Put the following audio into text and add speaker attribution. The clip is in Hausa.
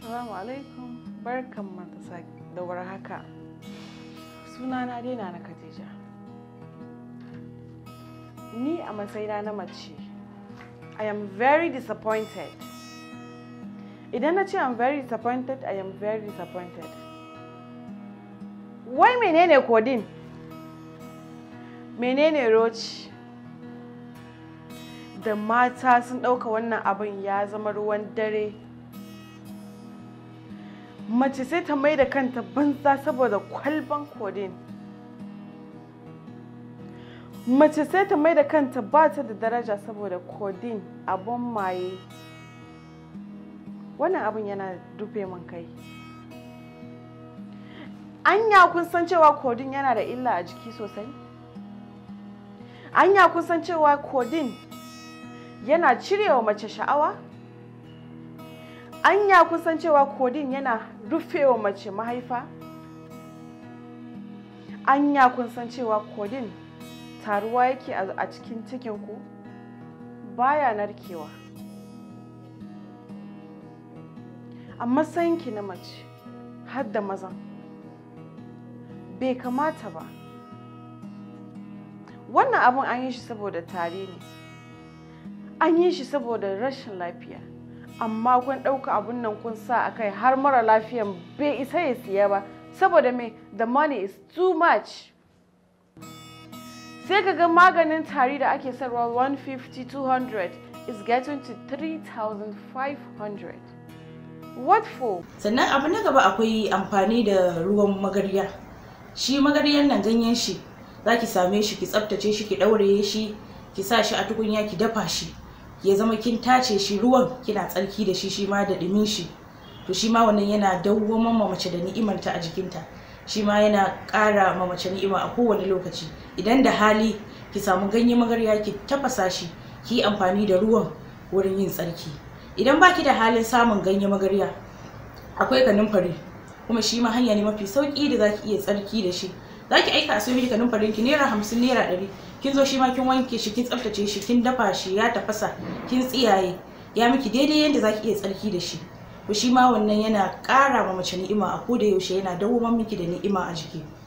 Speaker 1: Assalamu alaikum barkan matasa da warhaka. Sunana dai na na Khadija. Ni a matsayina na mace, I am very disappointed. Idan na ce I'm very disappointed, I am very disappointed. Wai menene kodin? Menene roci? Da mata sun ɗauka wannan abin ya zama ruwan dare. mace sai ta mai da kanta banza saboda kwalban kodin mace sai ta mai da kanta ba ta da daraja saboda kodin abon maye wannan abin yana dufe min kai anya kun san cewa kodin yana da illa a jiki sosai anya kun san cewa kodin yana cirewa mace sha'awa anya kusan cewa kodin yana rufewa mace mahaifa anya kusan cewa kodin taruwa yake a cikin cikinku baya narkewa a matsayinki na mace har da mazan bai kamata ba wannan abin an yi shi saboda tare ne an yi shi saboda rashin lafiya amma kun ɗauka abun nan kun sa a kai har mara lafiyan bai isa ya siya ba saboda me the money is too much sai ka ga maganin tari da ake sarwa 150-200 is getting to 3,500 what for?
Speaker 2: sannan abu na gaba akwai amfani da ruwan magarya shi magaryan nan ganyen shi za ki same shi ki tsaftace shi ki ɗaure shi ki sa shi a tukunya ki dafa shi ya zama kin tace shi ruwan kina tsarki da shi shi ma da ɗumin shi to shi ma wannan yana dawwaman ma mace da ni'imanta a jikinta shi ma yana ƙara ma mace ni'ima a kowane lokaci idan da hali ki samu ganye magarya ki tafasa shi ki amfani da ruwan wurin yin tsarki idan baki da halin samun ganye magarya akwai kanunfari kuma shi ma hanya ne mafi sauƙi da zaki iya tsarki da shi za ki aika a sayo kanin farin ki naira hamsin naira ɗari kin zo shi ma kin wanke shi kin tsaftace shi kin dafa shi ya tafasa kin tsiyaye ya miki daidai yadda za ki iya tsarki da shi ku shi ma wannan yana kara ma mace ni'ima a koda yaushe yana dawo miki da ni'ima a jiki